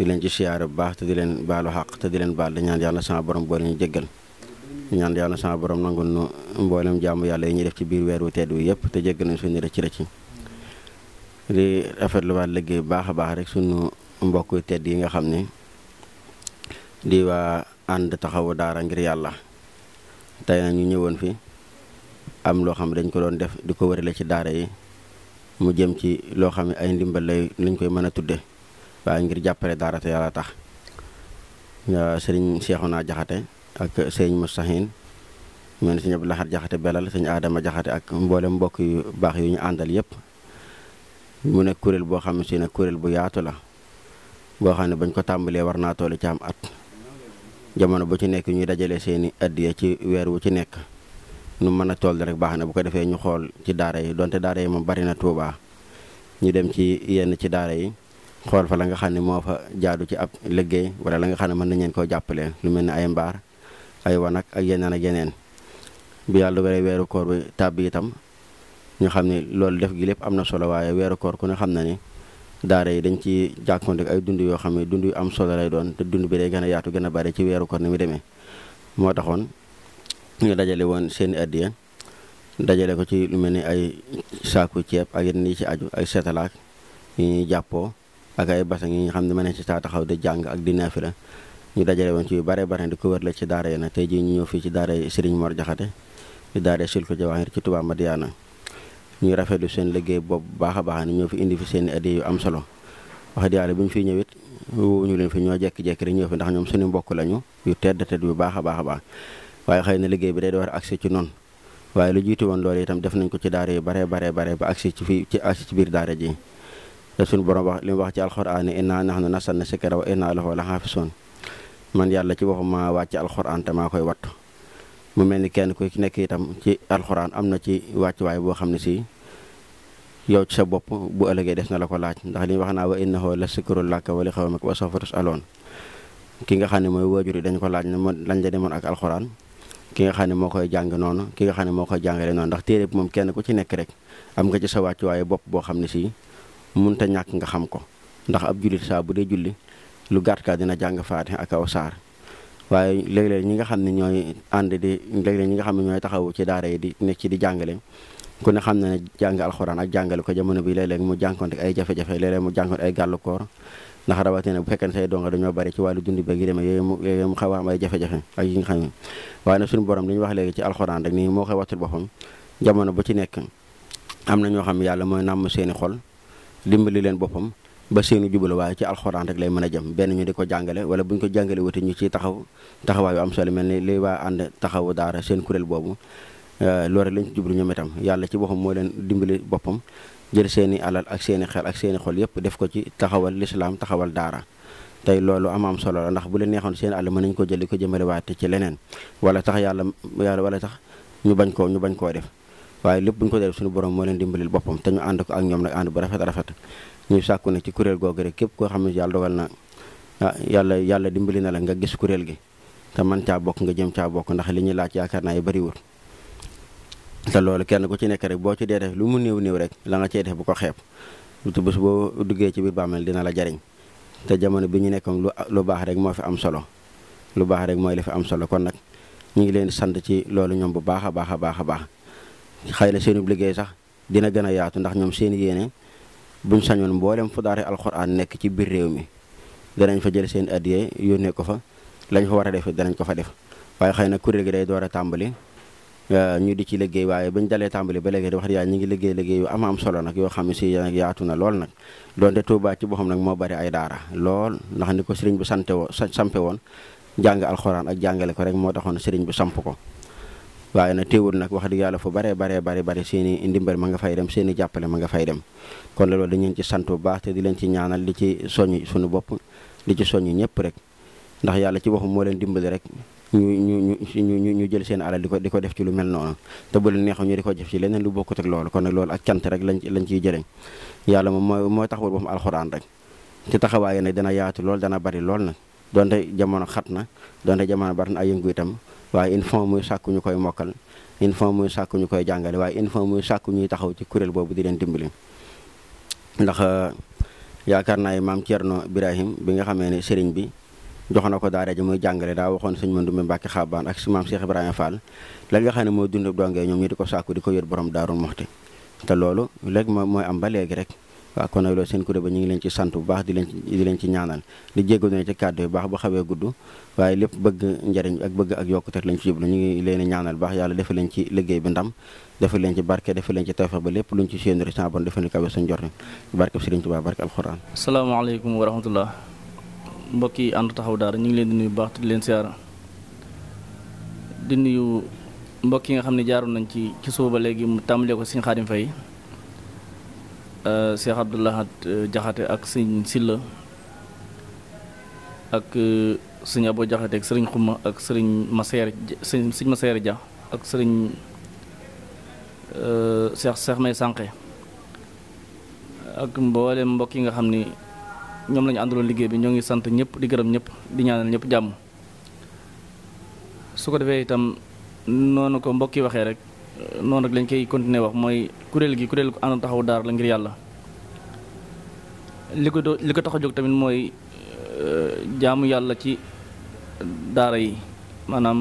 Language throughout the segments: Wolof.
di leen ci siyaare bu baax te di leen baalu xaq te di leen baal di ñaan yàlla sama borom boole ñu jéggal di ñaan yàlla sama borom nangul nu jaamu yàlla yi ñuy def ci biir weer wu tedd wi yëpp te jéggal nañ suñu rëcc rëcc di rafetlu waat liggéey bu baax a baax rek suñu mbokk tedd yi nga xam ni di waa ànd taxawu daara ngir yàlla te na ñu ñëwoon fi am loo xam ne dañ ko doon def di ko la ci daara yi mu jëm ci loo xam ne ay ndimbal lay lañ koy mën a tudde waaye ngir jàppale daara te yàlla tax sëriñ naa Jaxate ak sëriñ Mustahin mel ni sëriñ Abdou Lahad Jaxate belal sëriñ Adama Jaxate ak mboole mbokk yu baax yu ñu àndal yépp mu nekk kuréel boo xam ne si ne kuréel bu yaatu la boo xam ne bañ ko tàmbalee war naa toll ci am at jamono bu ci nekk ñuy dajale seeni addiya ci weer wu ci nekk nu mën a toll rek baax na bu ko defee ñu xool ci daara yi donte daara yi moom bari na Tuubaa ñu dem ci yenn ci daara yi xool fa la nga xam ne moo fa jaadu ci ab liggéey wala la nga xam ne mën na leen koo jàppale lu mel ni ay mbaar ay wanag ak yeneen ak yeneen bu yàlla wéree weeru koor bi tàbb itam ñu xam ne loolu def gi lépp am na solo waaye weeru koor ku ne xam na ni daara yi dañ ci jàkkoonte ay dund yoo xam ne dund yu am solo lay doon te dund bi day gën a yaatu gën a bari ci weeru koor ni mu demee moo taxoon ñu dajale woon seeni seen addiya dajale ko ci lu mel ni ay saaku ceeb ak yeneen yi ci aju ay setalaak ñuy jàppoo ak ay basang yi nga xam ne mën nañ ci saa taxaw di jàng ak di naafila ñu dajale woon ci yu bare bare di ko wër la ci daara yi na tey jii ñu ñëw fii ci daara Serigne Mor Jaxate di daara Silku Jawaahir ci Touba Madiyana ñu rafetlu seen liggéey boobu bu baax a baax ni ñoo fi indi fi seen addi yu am solo wax dëgg yàlla bi ñu fiy ñëw it ñu fi ñoo jekki-jekki rek ñëw fi ndax ñoom suñu mbokk lañu yu tedd tedd bu baax a baax a baax waaye xëy na liggéey bi day door accès ci noonu waaye lu jiitu woon loolu itam def nañ ko ci daara yu bare bare bare ba accès fii ci accès ci ji la suñu borom wax li mu wax ci alxuraan ne na nahnu nazzalna zikra wa inna lahu lahaafizuun man yàlla ci waxu maa wàcc alxuraan te koy wattu mu mel ni kenn ku ci nekk itam ci alxuraan am na ci wàccuwaay boo xam ne si yow ci sa bopp bu ëllëgee na la ko laaj ndax li wax naa wa innahu la zikrun laka wa li qawmika wa sawfa ki nga xam ne mooy waajur yi dañ ko laaj ne lañ la demoon ak alxuraan ki nga xam ne moo koy jàng noonu ki nga xam ne moo koy jàngale noonu ndax téere bi moom kenn ku ci nekk rek am nga ci sa wàccuwaayu bopp boo xam ne si munta ñàkk nga xam ko ndax ab jullit saa bu dee julli lu gàtt kaa dina jàng faatiha ak aw saar waaye léeg-léeg ñi nga xam ne ñooy ànd di léeg-léeg ñi nga xam ne ñooy taxawu ci daara di nekk ci di jàngale ku ne xam na ne jàng alxuraan ak jàngale ko jamono bi léeg-léeg mu jànkonte ay jafe mu jànkonte ay ndax rawatina bu fekkee ne say dañoo bari ci wàllu dund beeg yi demee yooyu mu yooyu mu xaw ay jafe-jafe ak yi nga xam waaye na suñu borom li ñu wax léegi ci alxuraan rek nii moo koy wattul boppam jamono bu ci nekk am na ñoo xam yàlla mooy nàmm seeni xol dimbali leen boppam ba seeni jubala waaye ci alxuraan rek lay mën a jëm benn ñu di ko jàngale wala bu ñu ko jàngale wati ñu ciy taxaw taxawaayu am solo mel ni li waa ànd taxawu daara seen kuréel boobu euh, loolu lañ ci jublu ñoom itam yàlla ci boppam moo leen dimbali boppam jël seeni alal ak seeni xel ak seeni xol yëpp def ko ci taxawal lislaam taxawal daara tey loolu am am solo la ndax bu leen neexoon seen àll mën nañ ko jëli ko jëmale waate ci leneen wala tax yàlla yàlla wala tax ñu bañ koo ñu bañ koo def waaye lépp bu ñu ko def suñu borom moo leen dimbalil boppam te ñu ànd ko ak ñoom nag ànd bu rafet rafet ñuy sàkku ne ci kuréel googu rek képp koo xam ne yàlla dogal na ah yàlla yàlla dimbali na la nga gis kuréel gi te man caa bokk nga jëm caa bokk ndax li ñuy laaj yaakaar naa yi bariwul te loolu kenn ku ci nekk rek boo ci dee def lu mu néew néew rek la nga cee def bu ko xeeb te bés boo duggee ci biir bàmmeel dina la jariñ te jamono bi ñu nekkoon lu lu baax rek moo fi am solo lu baax rek mooy li fi am solo kon nag ñu ngi leen sant ci loolu ñoom bu baax a baax a baax a baax xëy na seenub liggéey sax dina gën a yaatu ndax ñoom seen yéene buñ sañoon mboolem fu daara alxuraan nekk ci biir réew mi danañ fa jël seen addiyee yónnee ko fa lañ fa war a def danañ ko fa def waaye xëy na kuréel gi day door a tàmbali euh, ñu di ci liggéey waaye bañ dalee tàmbali ba léegi di wax di yaay ñu ngi liggéey liggéey yu am am solo nag yoo xam ne si nag yaatu na lool nag doonte Tuubaa ci boppam nag moo bari ay daara lool ndax ni ko sëriñ bu sante woo sampe woon jàng alxuraan ak jàngale ko rek moo taxoon sëriñ bu samp ko waaye nag téewul nag wax dëgg yàlla fu baree baree bari bari seen i ma nga fay dem seen jàppale ma nga fay dem kon loolu dañ leen ci sant bu baax te di leen ci ñaanal di ci soññ suñu bopp di ci soññ ñëpp rek ndax yàlla ci waxu moo leen dimbali rek ñu ñu ñu ñu jël seen alal di ko di ko def ci lu mel noonu te bu leen neexoon ñu di ko def ci leneen lu bokkut ak loolu kon nag loolu ak cant rek lañ lañ ciy jëlee yàlla moom mooy mooy taxawal boppam alxuraan rek te taxawaaye nag dana yaatu lool dana bari lool nag donte jamono xat na donte jamono bari na ay yëngu itam waaye in fois muy sàkku ñu koy mokkal in fois muy sàkku ñu koy jàngale waaye une fois muy sàkku ñuy taxaw ci kuréel boobu di leen dimbali ndax euh, yaakaar naa yi maam Thierno Birahim bi nga xamee ne sëriñ bi jox na ko daara ji muy jàngale daa waxoon sëñ Mandoumbe Mbàkke Xabaan ak si maam Cheikh Ibrahima Fall la xam ne mooy dund dongee ñoom ñu di ko sàkku di ko yót borom Daaru Muxti te loolu léegi mooy am ba léegi rek waaw kon nag loolu seen kuréel ba ñu ngi leen ci sant bu baax di leen ci di leen ci ñaanal di jéggal ne ci kàddu yu baax ba xawee gudd waaye lépp bëgg njariñ ak bëgg ak yokkute lañ ci jublu ñu ngi leen ñaanal baax yàlla defal leen ci liggéey bi ndam defal leen ci barke defal leen ci ba lépp luñ ci séenu rek bon defal ñu kawe suñ jor barke Sëriñ Tuubaa barke alxuraan asalaamaaleykum wa rahmatullah mbokk yi ànd taxaw daara ñu ngi leen di nuyu baax leen siyaara nuyu mbokk yi nga xam ne jaaroon nañ ci ci suba ba léegi mu tàmbalee ko Sëriñ Xaadim Fay Euh, Cheikh Abdoulahat euh, Jaxate ak sëñ Silla ak euh, sëñ Abo Jaxate ak sëriñ Xuma ak sëriñ Maseer sëñ sëñ Maseer Ja ak sëriñ Cheikh Cheikh May Sànqe ak mboolem mbokk yi nga xam ni ñoom lañu àndaloon liggéey bi ñoo ngi sant ñëpp di gërëm ñëpp di ñaanal ñëpp jàmm su ko defee itam noonu ko mbokk yi waxee rek noonu ak lañ koy continuer wax mooy kuréel gi kuréel ko ànd taxawu daara la ngir yàlla li ko li ko tax a jóg tamit mooy euh, jaamu yàlla ci daara yi maanaam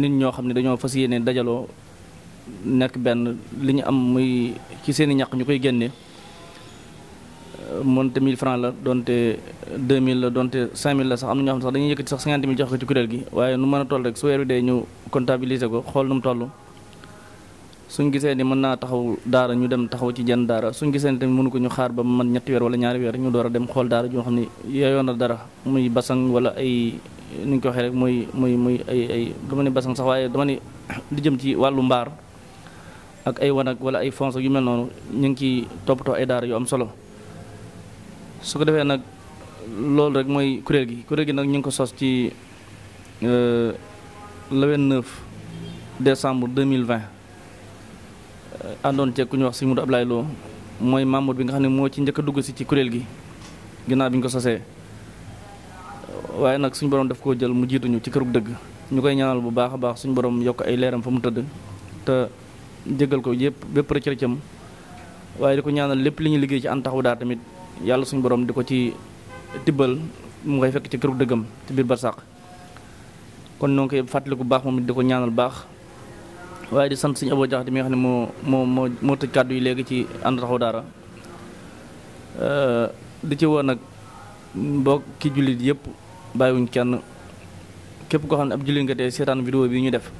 nit ñoo xam ne dañoo fas yéene dajaloo nekk benn li ñu am muy ci seen ñaq ñu koy génne moonte 1000 francs la donte 2000 la donte 5000 la sax am na ñoo xam ne sax dañuy yëkkati sax 50 000 jox ko ci kuréel gi waaye nu mën a toll rek su weer wi dee ñu comptabiliser ko xool nu mu toll suñ gisee ni mën naa taxaw daara ñu dem taxaw ci jenn daara suñ gisee ni tamit mënu ko ñu xaar ba man ñetti weer wala ñaari weer ñu door a dem xool daara joo xam ne yaayoon na dara muy basang wala ay ni ñu ko waxee rek mooy muy muy ay ay dama ne basang sax waaye dama ne li jëm ci wàllu mbaar ak ay wanag wala ay fonds yu mel noonu ñu ngi ciy toppatoo ay daara yu am solo su ko defee nag loolu rek mooy kuréel gi kuréel gi nag ñu ngi ko sos ci euh, le 29 décembre 2020 Eh, àndoon ceeg ku ñu wax sëñ Modou Ablaye Lo mooy Mamour bi nga xam ne moo ci njëkk dugg si ci kuréel gi ginnaaw bi ñu ko sosee waaye nag suñu borom daf koo jël mu jiituñu ci kërug dëgg ñu koy ñaanal bu baax a baax suñu borom yokk ay leeram fa mu tëdd te jéggal ko yëpp bépp rëcc-rëccam waaye di ko ñaanal lépp li ñu liggéey ci antaxu daa tamit yàlla suñu borom di ko ci tibbal mu koy fekk ci kërug dëggam ci biir barsàq kon ñoo ngi koy fàttaliku baax moom di ko ñaanal baax waaye di sant suñu Abo Jaxate mi nga ne moo moo moo moo tëj kàddu yi léegi ci ànd taxawu di ci woo nag mbokk ki jullit yëpp bàyyiwuñ kenn képp koo xam ne ab jullit nga tey seetaan vidéo bi ñu def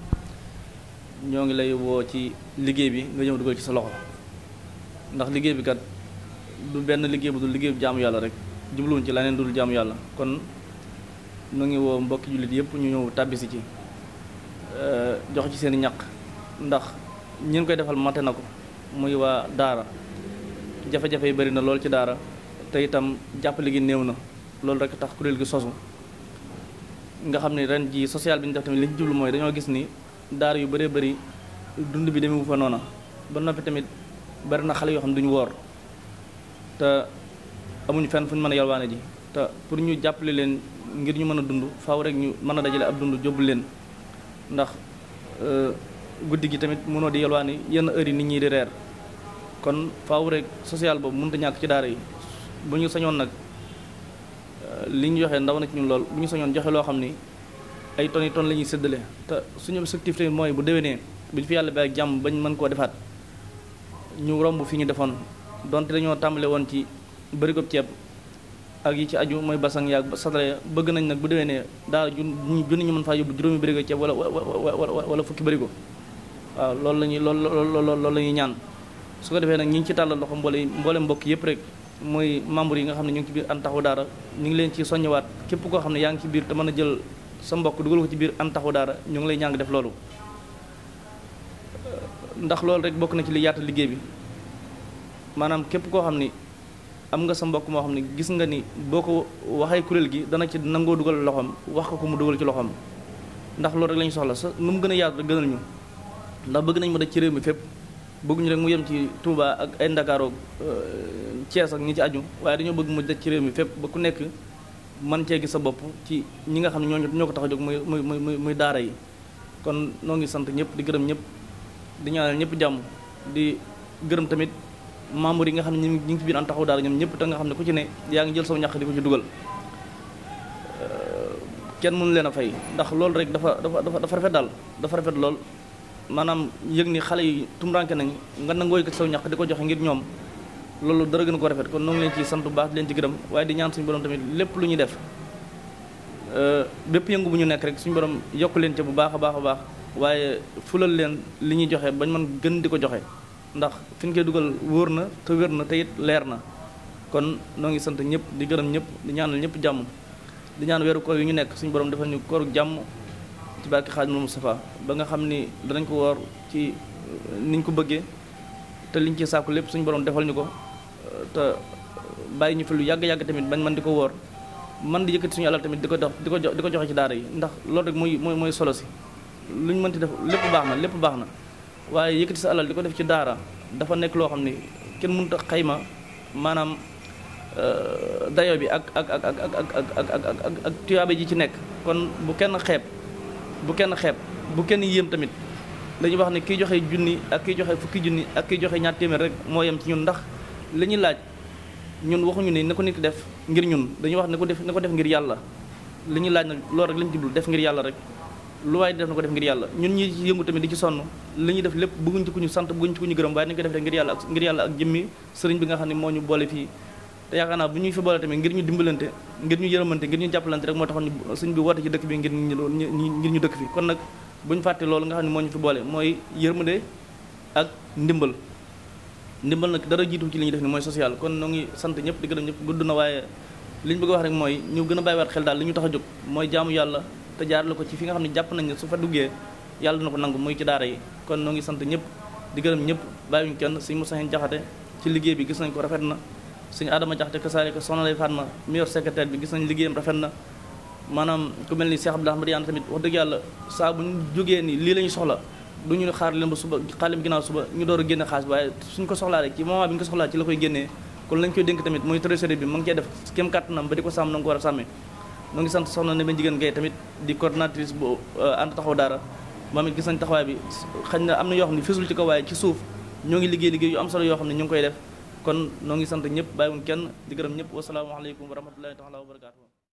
ñoo ngi lay woo ci liggéey bi nga ñëw dugal ci sa loxo ndax liggéey bi kat du benn liggéey bu dul liggéey bu jaamu yàlla rek jubluwuñ ci du dul jaamu yàlla kon nu ngi woo mbokki jullit yëpp ñu ñëw tàbbisi ci eh, jox ci seen i ndax ñi ngi koy defal mate na ko muy waa daara jafe-jafe bari na lool ci daara te itam jàppale gi néew na loolu rek tax kuréel gi sosu nga xam ne ren ji social bi ñu def tamit li ñu jublu mooy dañoo gis ni daara yu baree bari dund bi demewu fa noona ba noppi tamit bari na xale yoo xam ne duñu woor te amuñu fenn fu ñu mën a yalwaane ji te pour ñu jàppale leen ngir ñu mën a dund faaw rek ñu mën a dajale ab dund jóbbu leen ndax euh, guddi gi tamit mënoo di yalwaani yenn heure yi nit ñi di reer kon faaw rek social boobu mënut a ñàkk ci daara yi bu ñu sañoon nag eh, li ñu joxe ndaw na ci ñu lool bu ñu sañoon joxe loo xam ni ay ton yi tonnes la ñuy séddale te suñu objectif mooy bu déwénee bu ñu fi yàlla ba ak jàmm bañ mën koo defaat ñu romb fi ñu defoon donte dañoo tàmbale woon ci bërikoob ceeb ak yi ci aju mooy basang yaag satale bëgg nañ nag bu déwénee daal ju junni ñu mën faa yóbbu juróomi bërigo ceeb wala wala wala fukki bërigo waaw loolu la ñuy loolu loolu loolu la ñuy ñaan su ko defee nag ñi ngi ci tàllal loxo mboole mboole mbokk yëpp rek mooy membre yi nga xam ne ñu ngi ci biir Ande Taxawu ñu ngi leen ci soññewaat képp koo xam ne yaa ci biir te a jël sa mbokk dugal ko ci biir Ande Taxawu Daara ñu ngi lay ñaan def loolu ndax loolu rek bokk na ci li yaatal liggéey bi maanaam képp koo xam ni am nga sa mbokk moo xam ne gis nga ni boo ko waxee kuréel gi dana ci nangoo dugal loxoom wax ko ko mu dugal ci loxoom ndax loolu rek la soxla sa nu mu gën a yaatu rek gënal ñu ndax bëgg nañ mu daj ci réew mi fépp bëgg ñu mu yem ci tuuba ak ay Ndakaaru euh, Thiès ak ñi ci aju waaye dañoo bëgg mu daj ci réew mi fépp ba ku nekk man cee gis sa bopp ci ñi nga xam ne ñoo ñoo ko tax a jóg muy muy muy muy daara yi kon noo ngi sant ñëpp di gërëm ñëpp di ñaanal ñëpp jàmm di gërëm tamit membres yi nga xam ne ñu ngi ci biir an taxaw daara ñoom ñëpp te nga xam ne ku ci ne yaa ngi jël saw ñàq di ko ci dugal euh, kenn mënu leen a fay ndax loolu rek dafa dafa dafa rafet daal dafa rafet lool maanaam yëg ni xale yi tumuranke nañ nga nangoo yëkkati saw di ko joxe ngir ñoom loolu dara gën ko rafet kon noonu ngi leen ci sant bu baax di leen ci gërëm waaye di ñaan suñu borom tamit lépp lu ñuy def euh, bépp yëngu bu ñu nekk rek suñu borom yokk leen ca bu baax a baax a baax waaye fulal leen li ñuy joxe bañ man gën di ko joxe ndax fi ñu dugal wóor na te wér na te it leer na kon noo ngi sant ñëpp di gërëm ñëpp di ñaanal ñëpp jàmm di ñaan weeru koor yu ñu nekk suñu borom defal ñu kooru jàmm ci barke Xaadimul Mustafa ba nga xam ni danañ ko woor ci niñ ko bëggee te liñ ci sàkku lépp suñu borom defal ñu ko te bàyyi ñu fi lu yàgg-yàgg tamit bañ man di ko woor man di yëkkati suñu alal tamit di ko dox di ko di ko joxe ci daara yi ndax loolu rek mooy mooy solo si luñ mënti def lépp baax na lépp baax na waaye yëkkati sa alal di ko def ci daara dafa nekk loo xam ni kenn mënut tax xayma maanaam dayo bi ak ak ak ak ak ak ji ci nekk kon bu kenn xeeb bu kenn xeeb bu kenn yéem tamit dañuy wax ne kiy joxe junni ak kiy joxe fukki junni ak kiy joxe ñaar téeméer rek moo yem ci ñun ndax li ñuy laaj ñun waxuñu ne na ko nit def ngir ñun dañu wax ni ko def na ko def ngir yàlla li ñu laaj nag loolu rek lañu jublu def ngir yàlla rek lu waaye def na ko def ngir yàlla ñun ñi ci yëngu tamit di ci sonn li ñu def lépp bëgguñ ci ku ñu sant bëgguñ ci ku ñu gërëm waaye nañu ko def ngir yàlla ak ngir yàlla ak jëmmi sëriñ bi nga xam ne moo ñu boole te yaakaar naa bu ñuy football tamit ngir ñu dimbalante ngir ñu yërëmante ngir ñu jàppalante rek moo taxoon suñ bi woote ci dëkk bi ngir ngir ñu dëkk fi kon nag moo ñu fi boole ak ndimbal ndimbal nag dara jiitu ci li ñuy def ni mooy social kon noo ngi sant ñëpp di gërëm ñëpp gudd na waaye li ñu bëgg wax rek mooy ñu gën a bàyyiwaat xel daal li ñu tax jóg mooy jaamu yàlla te ko ci fi nga xam ne jàpp nañ su fa duggee yàlla ko nangu muy ci daara yi kon noo ngi sant ñëpp di gërëm ñëpp bàyyiwuñ kenn suñ mosaxeen jaxate ci liggéey bi gis nañ ko rafet na suñu Adama Jaxate kasaalika soxna lay Fatma mi yor secrétaire bi gis nañ liggéeyam rafet na maanaam ku mel ni Cheikh Abdoulaye Ahmad saa bu ñu lii la ñu soxla du ñu xaar leen ba suba xaar leen ginnaaw suba ñu door a génne waaye suñ ko soxlaa rek ci moment bi ñu ko soxlaa ci la koy génnee kon lañ koy dénk tamit mooy trésorier bi ma ngi cee def kéem kàttanam ba di ko sàmm na nga a sàmmee ma ngi sant soxna ne ba di ànd euh, taxaw daara moom it gis nañ taxawaay bi xañ na am na yoo xam ne fisul ci ko waaye ci suuf ñoo ngi liggéey liggéey yu am solo yoo xam ne ñu ngi koy def kon noo ngi sant ñëpp bàyyiwuñ kenn di gërëm ñëpp wasalaamaaleykum wa rahmatullahi taala wa barakaatu